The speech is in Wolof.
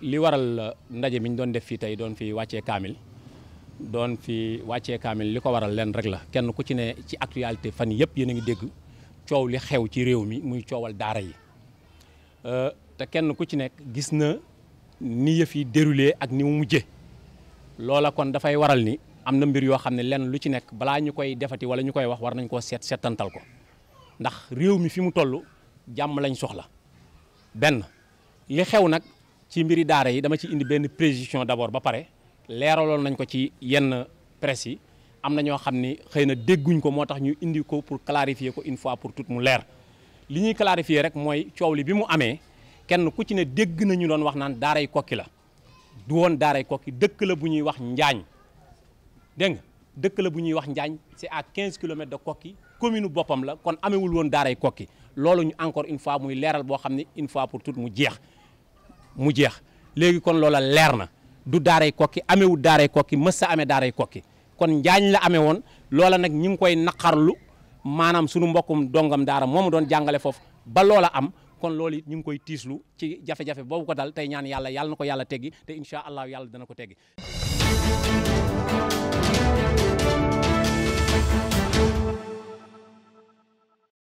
li waral ndaje mi ñu doon def fii tey doon fi wàccee kaamil doon fi wàccee kaamil li ko waral lenn rek la kenn ku ci ne ci actualité fan yëpp yéen a ngi dégg coow li xew ci réew mi muy coowal daara yi euh, te kenn ku ci nekk gis na ni yëf yi déroulé ak ni mu mujje loola kon dafay waral ni am na mbir yoo xam ne lenn lu ci nekk balaa ñu koy defati wala ñu koy wax war nañ koo seet seetantal ko ndax réew mi fi mu toll jàmm lañ soxla benn li xew nag ci mbiri daara yi indi précision d'abord ba pare leeraloon ko ci yenn pour clarifier une fois pour toutes mu leer li clarifier rek mooy coow li bi mu kenn ku ci ne dégg nañu wax kokki la du bu wax bu c'est à 15 km de la kon encore une fois muy une fois pour mu mu jeex léegi kon loola leer na du daaray kokki amewul daaray kokki mës sa amee daaray kokki kon njaañ la amee woon loola nag ñu ngi koy naqarlu maanaam sunu mbokkum dongam daara moomu doon jàngale foofu ba loola am kon loolu it ñu ngi koy tiislu ci jafe-jafe boobu ko dal tey ñaan yàlla yàlla na ko yàlla teggi te incha allah yàlla dana ko teggi